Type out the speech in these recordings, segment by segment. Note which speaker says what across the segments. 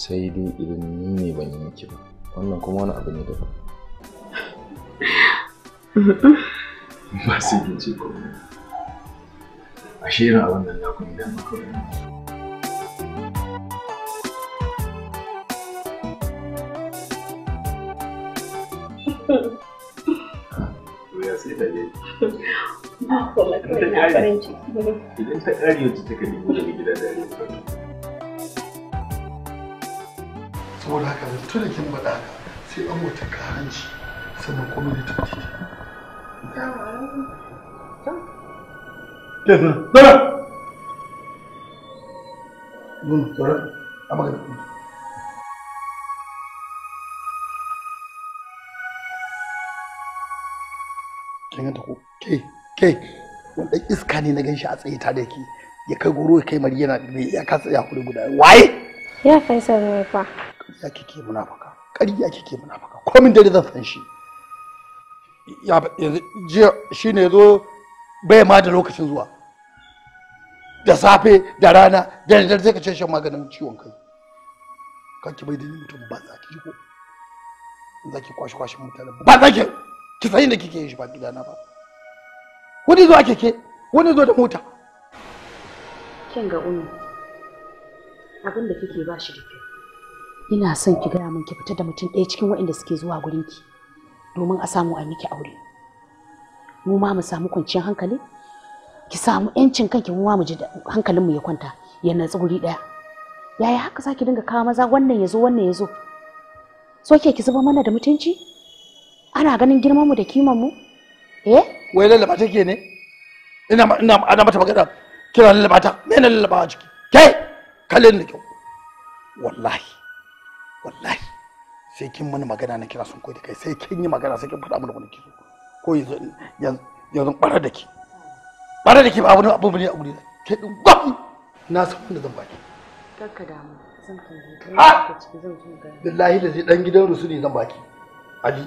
Speaker 1: sai dai idan ni ne ban yi miki ba wannan kuma wani abu ne daban
Speaker 2: ba sai kin ce ko
Speaker 3: a shirin a wannan na kun da maka
Speaker 1: Ya sai da ne.
Speaker 2: Ba kuma kawai na farin ciki.
Speaker 1: Idan ta ƙare wacce ta kalli daga gida da ya saboda haka da tun da kin bada haka sai an wata karanci sannan kuma da tafi ke ta ta nun tsara a magana kin ta ko ke ke wanda iska ne na ganshi a tsaye ta da ke ya kai goro ya kai mariyana ya kasa ya kuri guda waye ya faisal ne fa ya kike munafaka ƙarya kike munafaka komin dare zan san shi ya jiya shi ne zo bai ma da lokacin zuwa da safe da rana da dare zai ka ce shan maganin ciwon kai kanki bai da ni mutum ba za ki ko za ki kwashi kwashin mutane ba za ki ki san inda kike yin shi ba gidana ba wani zo a keke wani zo da mota
Speaker 4: kin ga unu abin da kike ba shi da ina son ki gaya min ki fita da mutum ɗaya cikin waɗanda suke zuwa gurin ki domin a samu a miki aure mu ma mu samu kwanciyar hankali ki samu yancin kanki mu ma mu ji hankalinmu ya kwanta ya natsu guri ɗaya yaya haka za ki dinga kawo maza wannan ya zo wannan ya zo so ke ki zuba mana da mutunci ana ganin girman mu da kiman mu
Speaker 1: eh wai lallaba take ne ina ina ana mata magana kira lallaba ta me na lallaba a ciki kai kallin da kyau wallahi wallahi sai kin mani magana na kira sun koyi da kai sai kin yi magana sai kin faɗa mana wani kiso ko yanzu yanzu ɓarar da ki ɓarar da ki ba abu abu ne a guri ke ɗin gwam na san wanda zan baki
Speaker 4: kakka da mu zan tambaye ka zan tambaye
Speaker 1: billahi da zai dan gidan rusu ne zan baki ali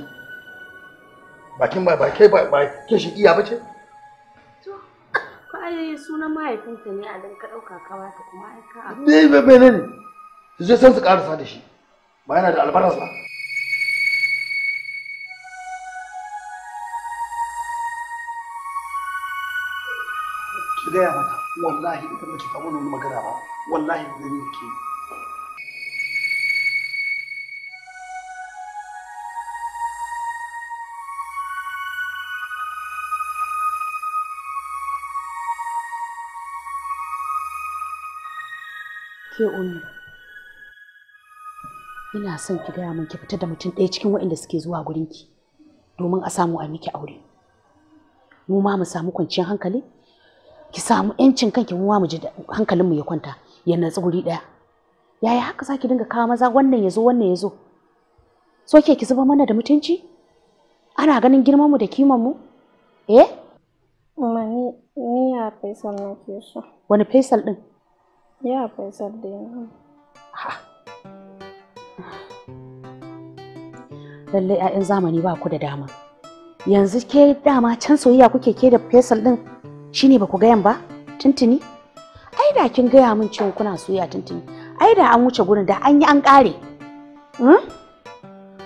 Speaker 1: bakin ba ba kai ba ba ke shi iya bace
Speaker 4: to ka ai sunan mahaifinta ne a dan ka dauka kawa ta kuma ai ka ne
Speaker 1: ba menene zai san su karasa da shi ba yana da albaras ba ki gaya mata wallahi ita ba ki faɗa wani magana ba wallahi da ni ke
Speaker 4: Thank you. ina son ki gaya min ki fita da mutum ɗaya cikin waɗanda suke zuwa gurin ki domin a samu a miki aure mu ma mu samu kwanciyar hankali ki samu yancin kanki mu ma mu ji hankalinmu ya kwanta ya natsu guri ɗaya yaya haka za ki dinga kawo maza wannan ya zo wannan ya zo so ke ki zuba mana da mutunci ana ganin girman mu da kiman mu eh Uma ni ya Faisal ke so. Wani Faisal din?
Speaker 3: Ya Faisal din. Ha.
Speaker 4: lallai 'ya'yan zamani ba ku da dama yanzu ke dama can soyayya kuke ke da fesal din shine baku ga gayan ba tuntuni ai da kin gaya mun cewa kuna soyayya tuntuni ai da an wuce gurin da an yi an kare hmm?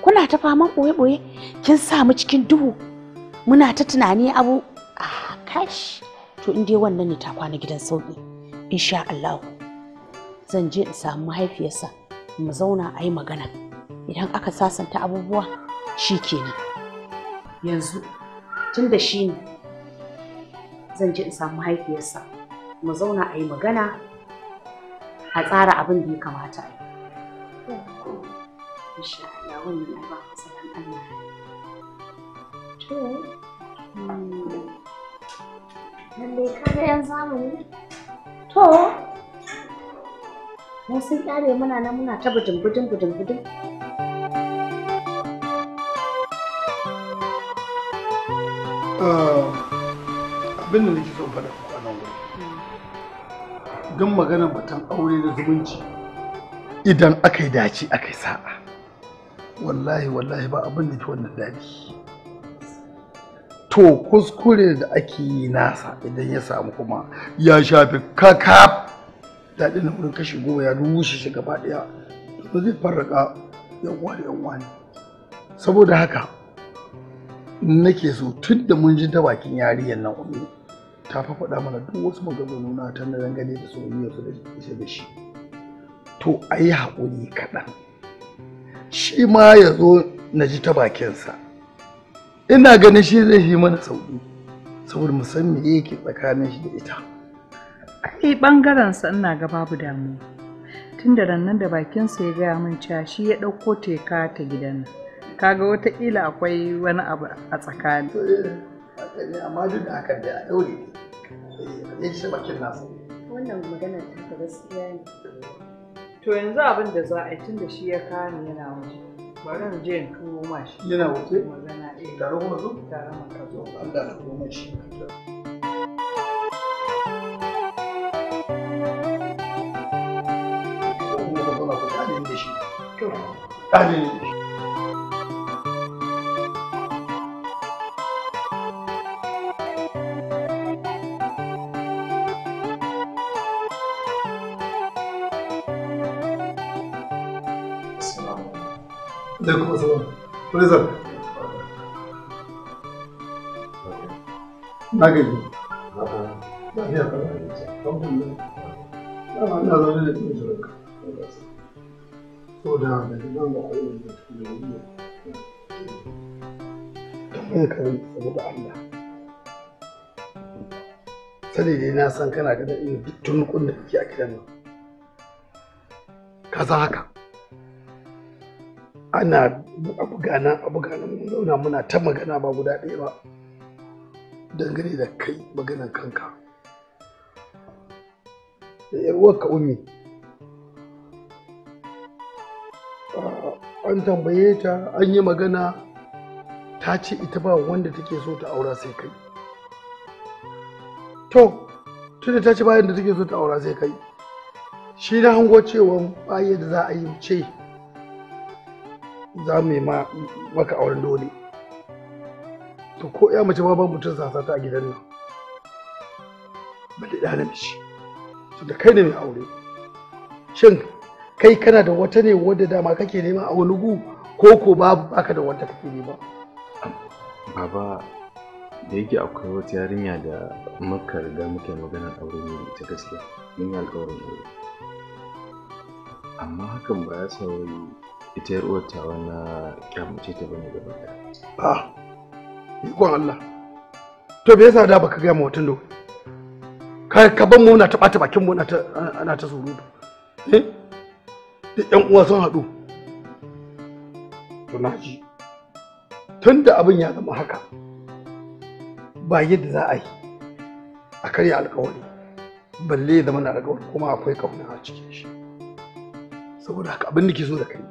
Speaker 4: kuna ta faman boye-boye kin sa mu cikin duhu muna ta tunani abu a ah, kash to in dai wannan ne ta kwana gidan sauki insha Allah zan je in samu mahaifiyarsa mu zauna ayi magana idan aka sasanta abubuwa shi ke kenan yanzu tun da shi ne zan je in samu mahaifiyarsa mu zauna a yi magana a tsara abin da ya kamata insha to hmm, ka sun muna na muna ta bujin
Speaker 1: Eh, abin da nake son faɗa a nan don magana batun aure da zumunci idan aka yi dace aka yi sa'a wallahi wallahi ba abin da ke wannan daɗi to kuskure da ake yi nasa idan ya samu kuma ya shafi kaka daɗin na wurin kashe goma ya rushe shi gaba ɗaya to zai farraka yan wani yan wani saboda haka nake so tun da mun ji ta bakin yariyar nan umi ta fa faɗa mana duk wasu maganganu na ta na dangane da soyayya su da ita da shi to ai yi haƙuri kaɗan shi ma ya zo na ji ta bakinsa ina ganin shi zai yi mana sauƙi saboda mu san me yake tsakanin shi da ita
Speaker 2: ai bangaren sa ina ga babu damuwa tun da rannan da bakinsa ya gaya min cewa shi ya ɗauko teka ta gidan nan kaga wataƙila akwai wani abu
Speaker 1: a tsakani eh,
Speaker 2: amma duk da aka da a
Speaker 1: daure ne eh, shi bakin nasa
Speaker 2: wannan magana ta gaskiya ne to yanzu abin da za a yi tun da shi ya kame yana waje Ba ran je in turo mashi yana waje magana eh tare kuma zo tare ka zo Allah turo mashi
Speaker 1: alaikum assalam prison
Speaker 4: na gaji na na da cikin shirinka
Speaker 1: so da da na san kana ganin irin duk tunukun da kake a gidan nan ka san haka ana abu gana abu gana mun zauna muna ta magana ba guda ɗaya ba dangane da kai maganan kanka da yar umi. Ah, an tambaye ta an yi magana ta ce ita ba wanda take so ta aura sai kai to tunda ta ce bayan da take so ta aura sai kai shi na hango cewa bayan da za a yi ce za mu yi maka auren dole to ko ya mace ma ban mutum sasa ta a gidan nan bali ɗa namiji to da kai ne mai aure shin kai kana da wata ne wadda dama kake nema a wani gu ko ko babu baka da wadda kake nema
Speaker 4: baba da yake akwai wata yarinya da muka riga muke magana aure ne ta gaskiya mun yi alƙawarin aure amma hakan ba ya sauri ita yar uwar tawa kyamace ta bane gaba A, ah,
Speaker 1: ikon Allah to me yasa da baka ga mu watan do kai ka ban mu na ta bata bakin mu na ta ana ta surutu eh duk ƴan uwa sun haɗu to na ji abin ya zama haka ba yadda za a yi a karya alkawari balle ya zama na alkawari kuma akwai kauna a cikin shi saboda haka abin da ke so da kai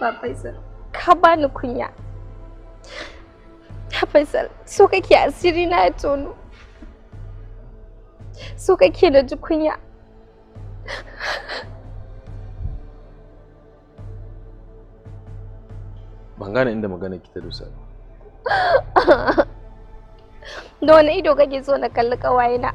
Speaker 3: haba faisal ka bani kunya ya faisal so kake asiri na ya tono so kake da ji kunya
Speaker 1: ban gane inda magana ki ta dusa
Speaker 3: da wani ido kake so na kalli kawaye na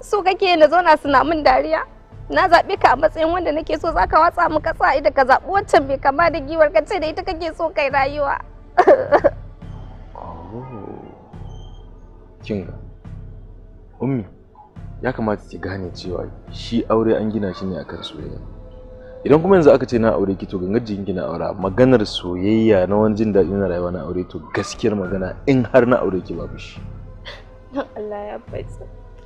Speaker 3: so kake na zauna suna min dariya na zaɓe ka a matsayin wanda nake so zaka watsa mu kasa idan ka zaɓi waccan mai kama da giwar kace da ita kake so kai rayuwa
Speaker 1: oh. kinga ummi ya kamata ki gane cewa shi aure an gina shi ne akan soyayya idan kuma yanzu aka ce na aure ki to gangar jikin gina a aura maganar soyayya na wani jin daɗi na rayuwa na aure to gaskiyar magana in har na aure ki babu shi
Speaker 3: Allah ya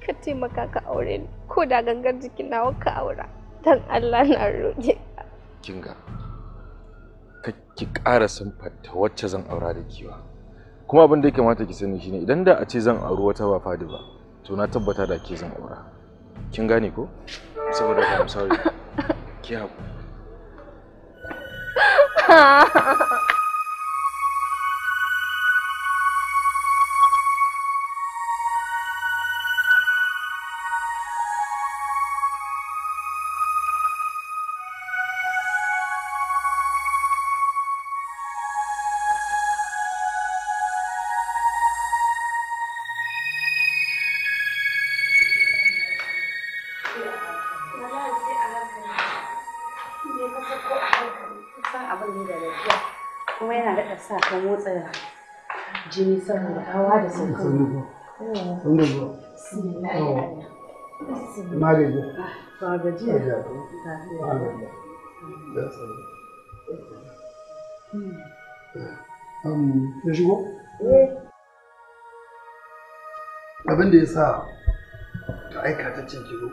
Speaker 3: ka taimaka ka aure ni ko da gangar jikin nawa ka aura dan Allah na roƙe ka
Speaker 1: kinga ka ki ƙara sunfanta wacce zan aura da kiwa kuma abin da ya kamata ki sani shine idan da a ce zan auri wata ba fadi ba to na tabbata da ke zan aura kin gane ko saboda ka misali
Speaker 4: ki haƙuri Hmm.
Speaker 1: Um, eh. Abin da ya sa ta aika ta cin kilo,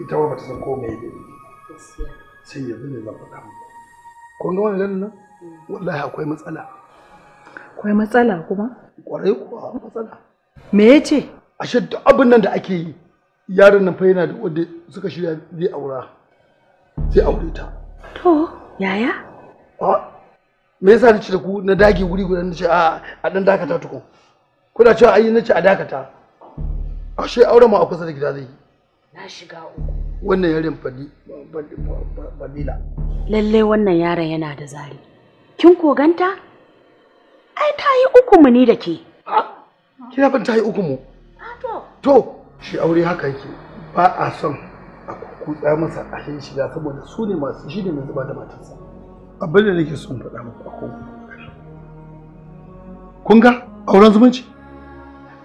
Speaker 1: ita wa bata san ko mai Sai yanzu ne zan faɗa muku. Kun ga wani nan? Hmm. Wallahi akwai matsala.
Speaker 2: Akwai matsala kuma?
Speaker 1: Kwarai kuwa matsala. Me ya ce? Ashe duk abin nan da ake yi yaron nan fa yana da wanda suka shirya zai aura. Zai aure ta. To, yaya? A me yasa nace da ku na dage wuri guda nace a a dan dakata tukun. Kuna cewa ai nace a dakata. Ashe aure ma a kusa da gida zai yi.
Speaker 4: Na shiga uku.
Speaker 1: Wannan fadi fadila.
Speaker 4: Lallai wannan yaron yana da zari. Kin koganta? Ai ta yi uku mu ni da ke. Kina ban ta yi uku mu? To.
Speaker 1: To, shi aure haka yake ba a son a kutsa masa a shi shiga saboda su ne masu shi ne mai zuba da matarsa. Abin da nake son faɗa muku a kowane Kun ga auren zumunci?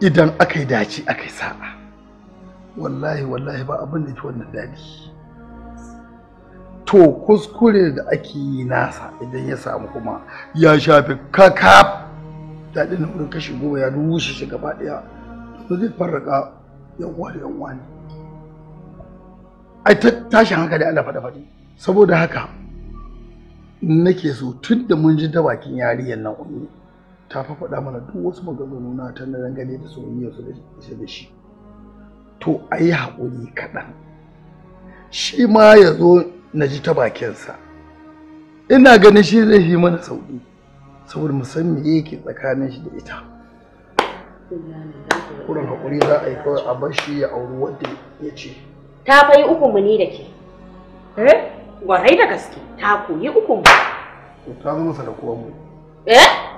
Speaker 1: Idan aka yi dace aka yi sa'a. Wallahi wallahi ba abin da ke wannan daɗi. to kuskure da ake yi nasa idan ya samu kuma ya shafi kakaf daɗin na wurin kashi goma ya rushe shi gaba ɗaya to zai farraka yan uwa da yan uwa ne ai ta tashin da ana faɗa faɗi saboda haka nake so tun da mun ji ta bakin yarinyar nan ummi ta mana duk wasu maganganu na ta na dangane da soyayya su da shi to a yi haƙuri kaɗan shi ma ya zo na ji ta bakinsa ina ganin shi zai yi mana sauƙi saboda mu san me yake tsakanin shi da ita kurin hakuri za a yi kawai a bar shi ya auri wadda ya ce
Speaker 4: ta yi uku mu ne da ke eh gwarai da gaske ta koyi uku mu ta
Speaker 1: zama sadakuwar mu
Speaker 4: eh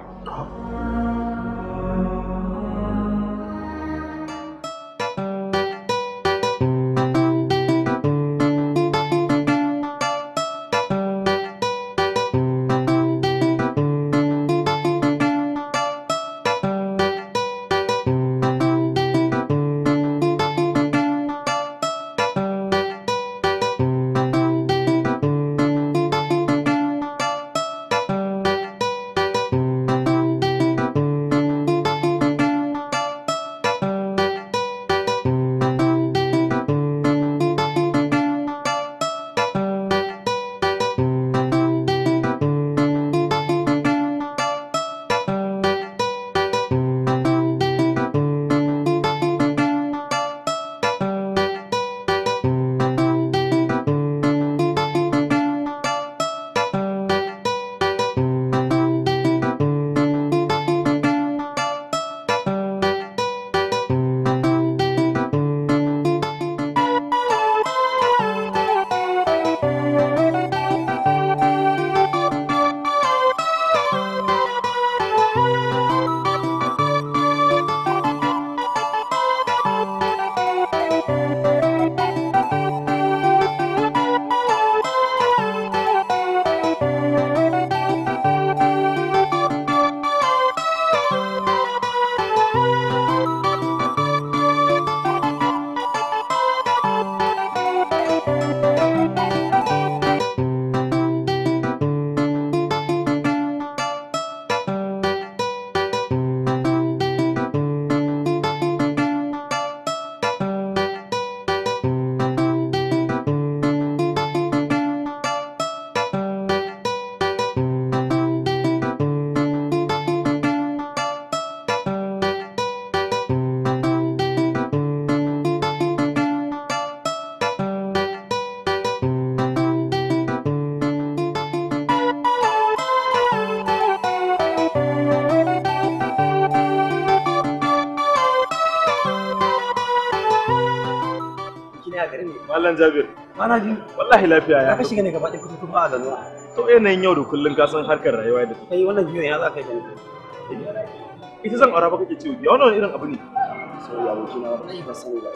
Speaker 4: Malam Jabir. Mana ji. Wallahi lafiya ya. Ka shiga ne gaba
Speaker 1: da kusa kuma a zanuwa. To yanayin yau da kullun ka san harkar rayuwa da take. Kai wannan jiyon ya za ka yi. Ita zan aura ba kake ciwo. Ya wannan irin abu ne. Sai aboki na wallahi ba sani ba.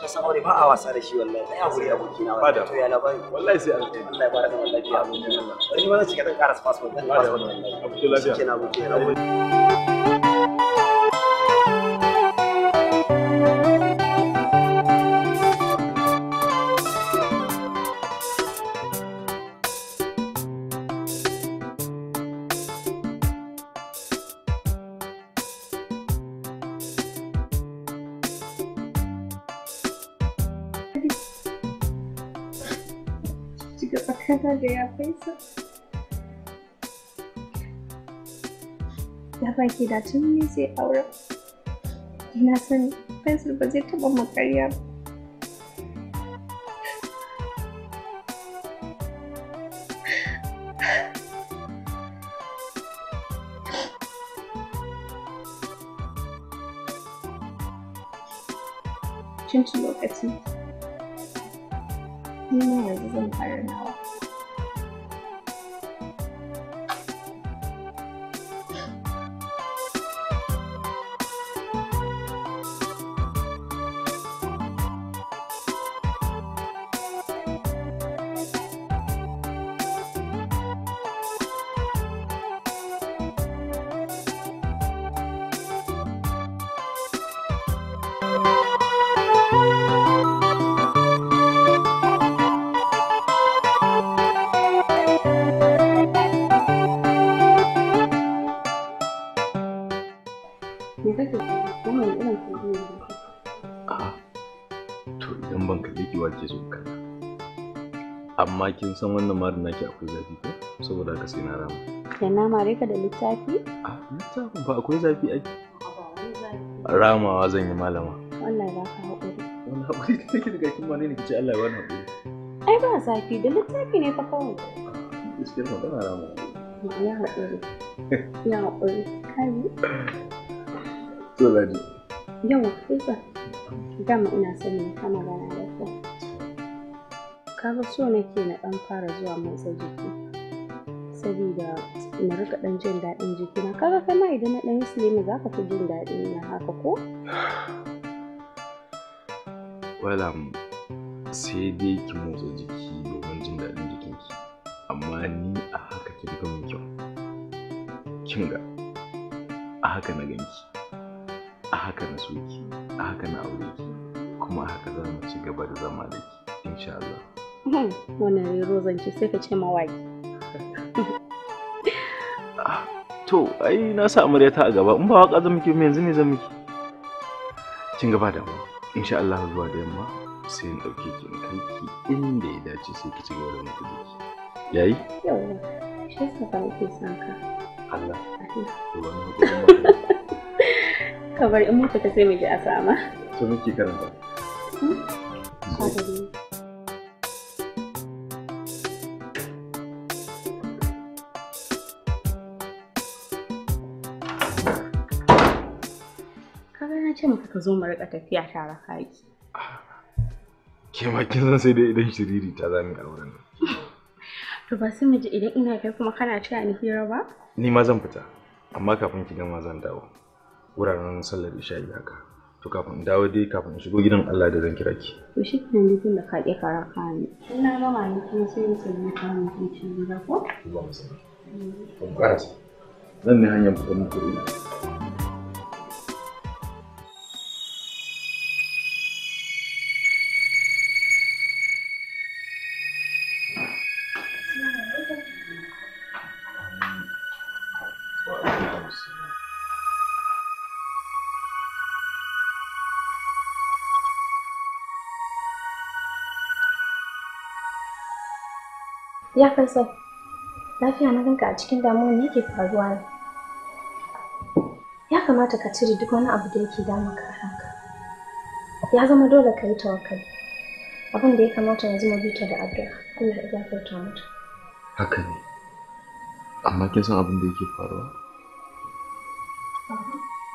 Speaker 1: Ka san aure ba a wasa da shi wallahi. Ai aure aboki na wallahi. To ya labari. Wallahi sai an kai.
Speaker 3: Allah ya baraka wallahi ya aboki na. Bari ma zan shiga dan karas passport. Dan passport. Abdullahi. Shi na aboki na.
Speaker 2: でやっていそう
Speaker 3: ya baki da tun zai aure ina fensir ba zai taba makarya
Speaker 4: ba lokaci, zan
Speaker 1: amma kin san wannan marin naki akwai zafi ko saboda ka sai na rama
Speaker 3: da na mare ka da littafi
Speaker 1: a littafin ba akwai zafi ake ramawa zan yi malama
Speaker 4: wallahi ba ka haƙuri
Speaker 1: wani haƙuri da take daga kin ne kici Allah ya bani haƙuri
Speaker 4: ai ba zafi da littafi ne fa kawai
Speaker 3: gaskiyar magana rama
Speaker 4: ya haƙuri ya haƙuri
Speaker 2: kai to ladi yawa sai
Speaker 3: dama ina sanin kana gana da kaga so nake na ɗan fara zuwa motsa jiki saboda na rika ɗan jin daɗin jikina kaga kai ma idan na ɗan yi silimi za ka fi jin daɗin na haka ko
Speaker 1: wala um, sai dai ki motsa jiki domin jin daɗin jikinki amma ni a haka ki rika min kyau kin ga a haka na ganki a haka na soki a haka na aure kuma a haka za mu ci gaba da zama da ki insha Allah
Speaker 3: Hmm, wannan rero zance sai ka ce mawaki
Speaker 1: to ai na sa amarya ta a gaba in ba waka zan miki yanzu ne zan miki kin gaba da mu insha Allah zuwa da yamma sai in dauke ki in kai ki inda ya dace sai ki ci gaba da miki jiki yayi
Speaker 3: shi sa ba yake son ka Allah kabar in muka ta sai mu ji asama
Speaker 1: to miki karanta Thank hmm? you.
Speaker 4: ka zo mu rika tafiya tare haki.
Speaker 1: ke ma kin san sai dai idan shiriri ta zami a nan
Speaker 3: to ba sai mu ji idan ina kai kuma kana cewa ni hira ba
Speaker 1: ni ma zan fita amma kafin ki gama zan dawo wuraren sallar isha ya haka to kafin dawo dai kafin shigo gidan Allah da zan kira ki
Speaker 3: to shi ne ni tun da ka ƙi kara kani
Speaker 2: ina gama ni kuma sai mu sanya
Speaker 4: ka mu kici gida ko ba mu sani
Speaker 1: ko karasa zan ne hanyar fitar muku
Speaker 3: Ya Faisal, lafiya na ganka a cikin damuwa ne yake faruwa ne? Ya kamata ka cire duk wani abu da yake damun ka ranka. Ya zama dole ka yi tawakkali. Abin da ya kamata yanzu mu bita da addu'a. Allah ya gafarta mata.
Speaker 1: Haka ne. Amma kin san abin da yake faruwa?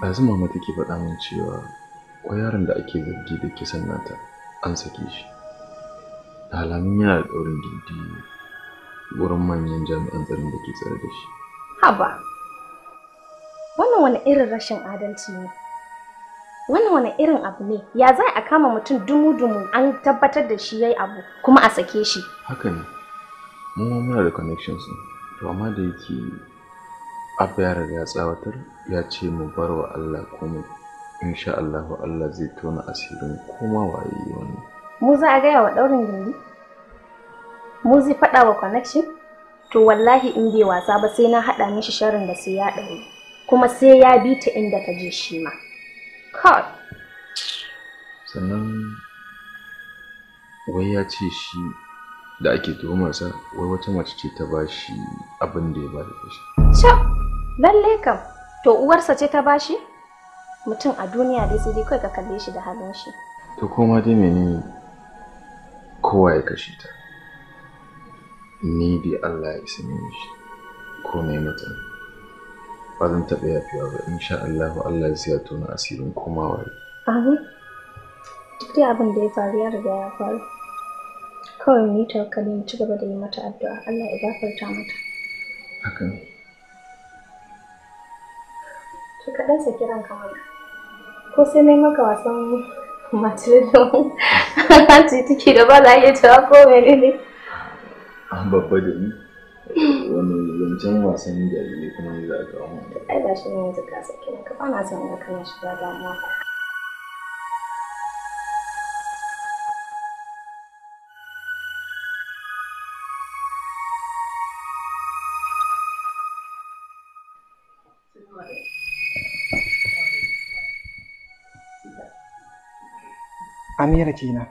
Speaker 1: Yanzu mama take faɗa min cewa ko yaron da ake zargi da kisan nata an sake shi. Alamun yana da ɗaurin gindi wurin manyan jami'an tsaron da ke tsare da shi.
Speaker 3: Haba, wannan wani irin rashin adalci ne? Wannan wani irin abu ne? Ya za a kama mutum dumu-dumu an tabbatar da shi yayi abu kuma a sake shi?
Speaker 1: Haka ne, mu ma muna da connections ne, to amma da yake abu ya riga ya tsawatar ya ce mu bar wa Allah komai. Insha Allah Allah zai tona asirin
Speaker 3: koma waye wani. Mu za a gaya wa ɗaurin gindi? mu zai faɗa wa connection to wallahi in bai wasa ba sai na haɗa mishi sharrin da sai ya ɗauri kuma sai ya bi ta inda ta je shi ma kawai sannan wai ya ce shi da ake tuhumarsa wai wata mace ce ta ba shi abin da ya ba da shi cap lalle kam to uwarsa ce ta ba shi mutum a duniya dai sai dai kawai ka kalle shi da halin shi
Speaker 1: to koma dai menene kowa ya kashe ta
Speaker 4: ni dai Allah ya isa ni shi ko ne mata ba zan taɓa yafiya ba sha Allah Allah ya tona asirin komawa
Speaker 2: amin
Speaker 3: duk dai abin da ya faru ya riga ya faru kawai mu yi tawakkali mu ci gaba da yi mata addu'a Allah ya gafarta mata hakan to ka dan saki ranka mana ko sai yi maka wasan matulun da take da ba za a iya cewa ko menene
Speaker 2: an babba da ni wani zancen wasan jarirai kuma ni za a kawo mu
Speaker 3: ai shi ne ka sake ka ba na ka shiga
Speaker 1: Amira kenan.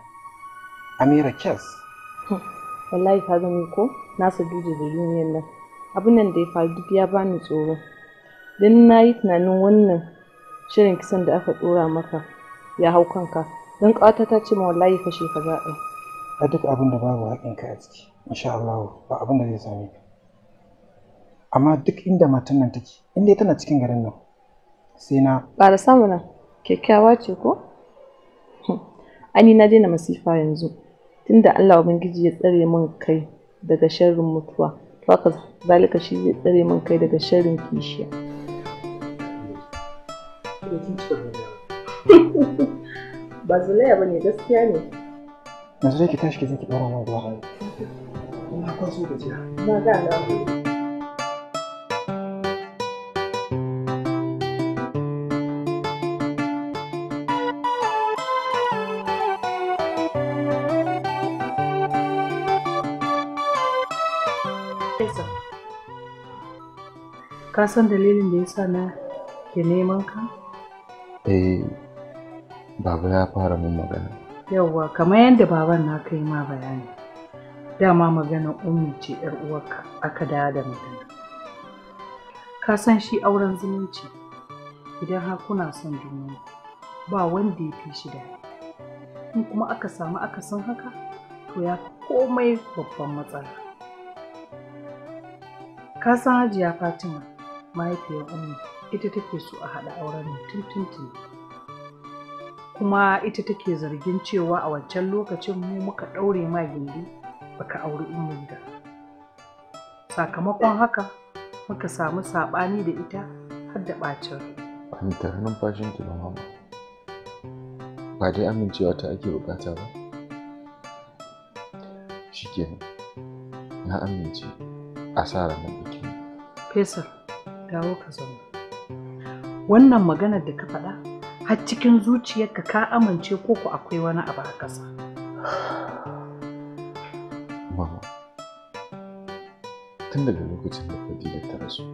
Speaker 1: Amira Kes.
Speaker 2: Hmm. wallahi ka gani ko na saduda da duniyar nan abin nan da ya faru duk ya bani tsoro don na yi tunanin wannan shirin kisan da aka ɗora maka ya hau kanka don ƙawata ta ce ma wallahi fashe ka za a
Speaker 1: a duk abin da babu ka a ciki insha Allah ba abin da zai same ka amma duk inda matan nan take inda tana cikin garin nan sai na
Speaker 2: da samu nan kyakkyawa ce ko ani na daina masifa yanzu tunda Allah Ubangiji ya tsare min kai daga sharrin mutuwa to haka zalika shi zai tsare min kai daga sharrin kishiya ba zulaya ba ne gaskiya ne
Speaker 1: yanzu zai ki tashi ki zai ki fara mai ruwa
Speaker 2: ina kwaso da gajiya na ga alamu ka san dalilin da ya sa na ke neman ka?
Speaker 1: eh baba ya fara mun magana
Speaker 2: yawwa kamar yadda baban na kai ma bayani dama magana ummi ce yar uwarka aka dawo da magana ka san shi auren zumunci idan har kuna son juna ba wanda ya fi shi da in kuma aka samu aka san haka to ya komai babban matsala ka san hajiya fatima mahaifiyar umu ita take so a haɗa auren tuntuntun kuma ita take zargin cewa a wancan lokacin mu muka ɗaure ma gindi baka auri umu da sakamakon haka muka samu saɓani da ita har da ɓacin
Speaker 1: ban numfashin ki ba mama ba dai amincewa ta ake bukata ba shikenan na amince a tsara na bikin
Speaker 2: fesar dawo ka zo wannan maganar da ka faɗa har cikin zuciyarka ka amince ko ku akwai wani abu a ƙasa mama
Speaker 1: tun daga lokacin da fadila ta rasu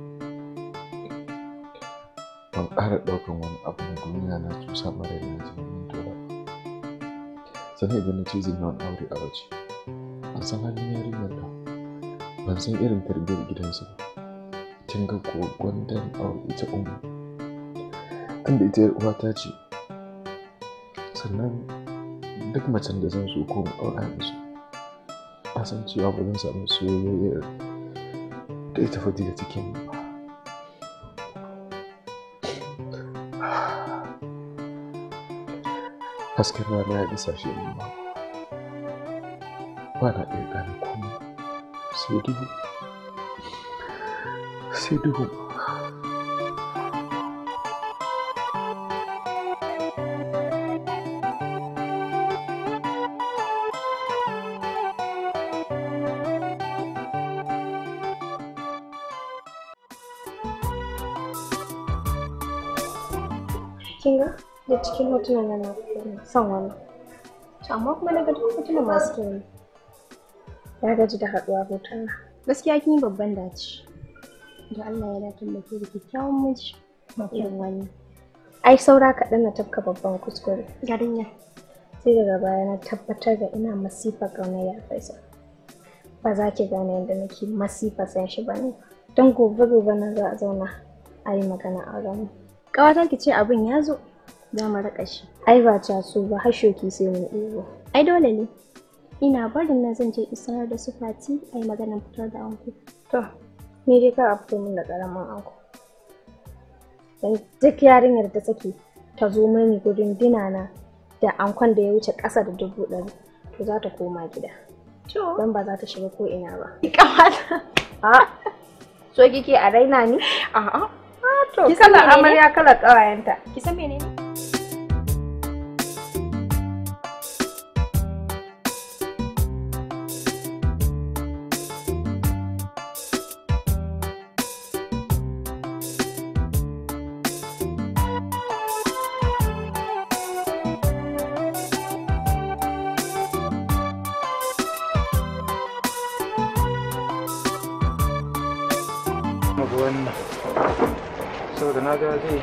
Speaker 1: ban ƙara ɗaukan wani abu na duniya na tusa mara da mutum min sannan idan na ce zan wani aure a waje
Speaker 2: ban san halin yarinyar ba
Speaker 1: ban san irin tarbiyyar gidansu ba kinga ko gwandan aure ita umma an da ita yar ta ce sannan duk macen da zan so ko mu aura da su a san cewa ba zan samu soyayyar da ita fadi da take ba
Speaker 4: hasken rana ya isa shi ba na iya gane komai
Speaker 1: sai dubu sai duhu
Speaker 3: kinga da cikin hotunan nan na son wani to amma kuma na duk hotunan masu kyau ya gaji da haɗuwa hotuna gaskiya kin yi babban dace da Allah ya dace da ke da kyakkyawan miji irin wani ai saura kaɗan na tafka babban kuskure garinya sai daga baya na tabbatar da ina masifa ƙaunar ya faisa ba za ki gane yadda nake masifa san shi ba ne don gobe gobe na za a zauna a yi magana a ranar ƙawatar ki ce abin ya zo za mu raka shi ai ba ta so ba har shoki sai mu ɗebo ai dole ne ina barin na zan je isanar da su fati a yi maganar fitar da anko to ni dai kar a fito min da ƙaramin anko duk yarinyar da take ta zo mani gudun dinana da ankon da ya wuce ƙasa da dubu ɗari to za ta koma gida don ba za ta shiga ko ina ba so kike a raina ni a'a to kala amarya kala ƙawayenta ki menene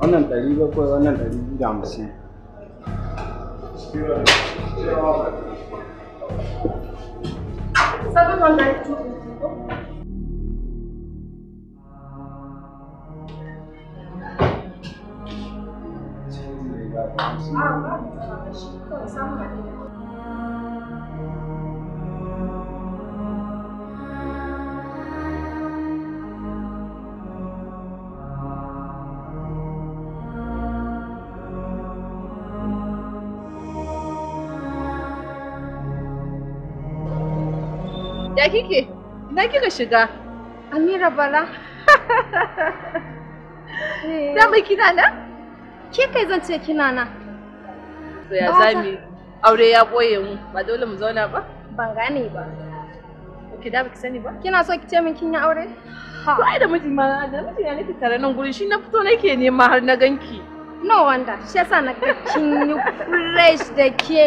Speaker 3: wannan ɗari bakwai wannan ɗari biyu da hamsin
Speaker 2: Seven hundred kike? Ina kika shiga? Amira Bala.
Speaker 3: mai kina na? Ke kai zan ce kina na. To ya zami
Speaker 4: aure ya boye mu
Speaker 3: ba dole mu zauna ba? Ban gane ba. Ki da baki sani ba? Kina so ki ce min kin yi aure? Ha. Ko ai da miji ma da miji ya nake tare nan gurin shi na fito nake nema har na ganki. No wonder shi yasa na kin yi fresh da ke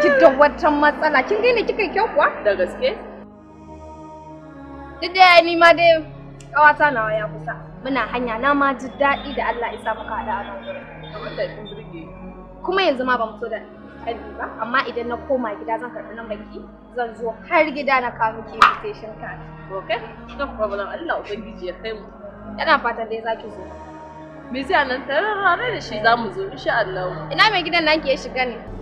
Speaker 3: ki da wata matsala kin gane kika kyau kuwa? Da gaske. duk da ni ma dai ƙawata nawa ya kusa muna hanya na ma ji daɗi da Allah isa muka haɗa a nan
Speaker 2: gurin kuma
Speaker 3: yanzu ma ba so da kalbi ba amma idan na koma gida zan karɓi nan baki zan zo har gida na kawo miki invitation card okay
Speaker 4: no problem Allah ubangiji ya kai mu
Speaker 3: yana fatan dai zaki zo me sai nan tararra da shi mu zo insha Allah ina mai gidan nan ya shiga ne